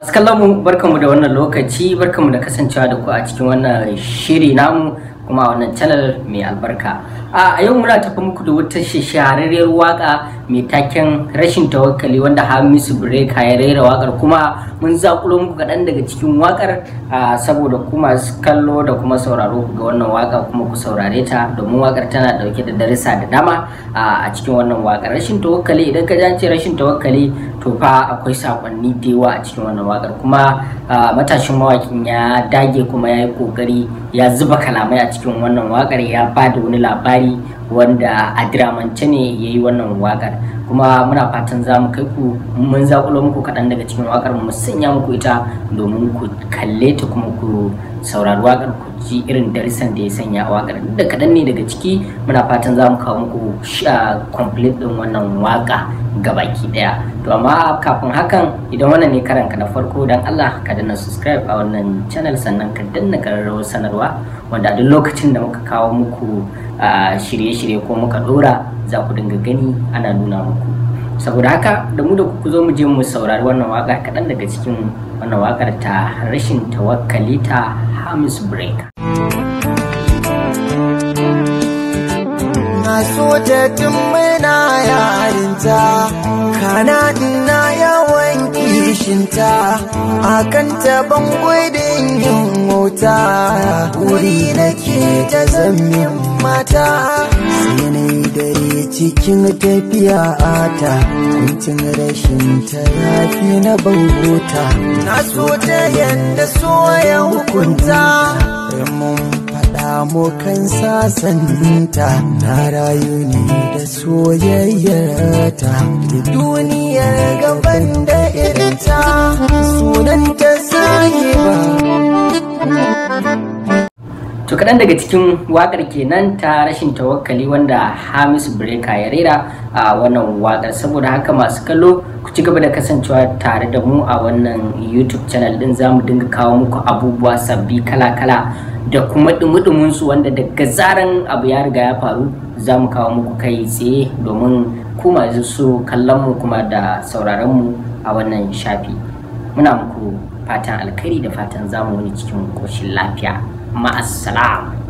Assalamu barkanmu da wannan lokaci barkanmu da kasancewa da ku a cikin wannan shiri namu kuma wannan channel mai albarka a yau muna tafi muku da wata shahararriyar waka mai taken rashin tawakkali wanda hamisu breka ya rera wakar kuma mun zakulo muku kaɗan daga cikin wakar saboda kuma kallo da kuma sauraro ku ga wannan waka kuma ku saurare ta domin wakar tana dauke da darussa da dama a cikin wannan wakar rashin tawakkali idan ka jance rashin tawakkali to fa akwai sakonni da yawa a cikin wannan wakar kuma matashin mawakin ya dage kuma ya yi ƙoƙari ya zuba kalamai a cikin wannan wakar ya ba da wani labari wanda a diramance ne ya yi wannan wakar kuma muna fatan za mu kai ku mun zaƙulo muku kaɗan daga cikin wakar mu sanya muku ita domin ku kalle ta kuma ku saurari wakar ku ji irin darisan da ya sanya a wakar da kaɗan ne daga ciki muna fatan za mu kawo muku ah, complete ɗin wannan waka gabaki daya to amma kafin hakan idan wannan ne karanka na farko dan Allah ka danna subscribe a wannan channel sannan ka danna kararrawar sanarwa wanda duk lokacin da muka kawo muku shirye-shirye ko muka dora za ku dinga gani ana nuna muku saboda haka da mu da ku zo mu je mu saurari wannan waka kaɗan daga cikin wannan wakar ta rashin tawakkali ta Hamis Breaker so ta tun muna yarinta kana na yawan kishinta akan taban gudun yin mota. wuri nake ta zamin mata yanayi dare cikin tafiya ata kuncin rashin ta yafi na bangota na so ta yadda so ya hukunta samu kansa na rayu ne da soyayyarta da duniyar gaban da irinta sunanta to kaɗan daga cikin wakar kenan ta rashin tawakkali wanda hamisu breka ya rera a wannan wakar saboda haka masu kallo ku ci gaba da kasancewa tare da mu a wannan youtube channel din za mu dinga kawo muku abubuwa sabbi kala-kala da kuma dumudumin su wanda daga zaran abu ya riga ya faru za mu kawo muku kai tsaye domin ku masu su kallon mu kuma da sauraron mu a wannan shafi muna muku fatan alkhairi da fatan zamu wani cikin koshin lafiya مع السلامة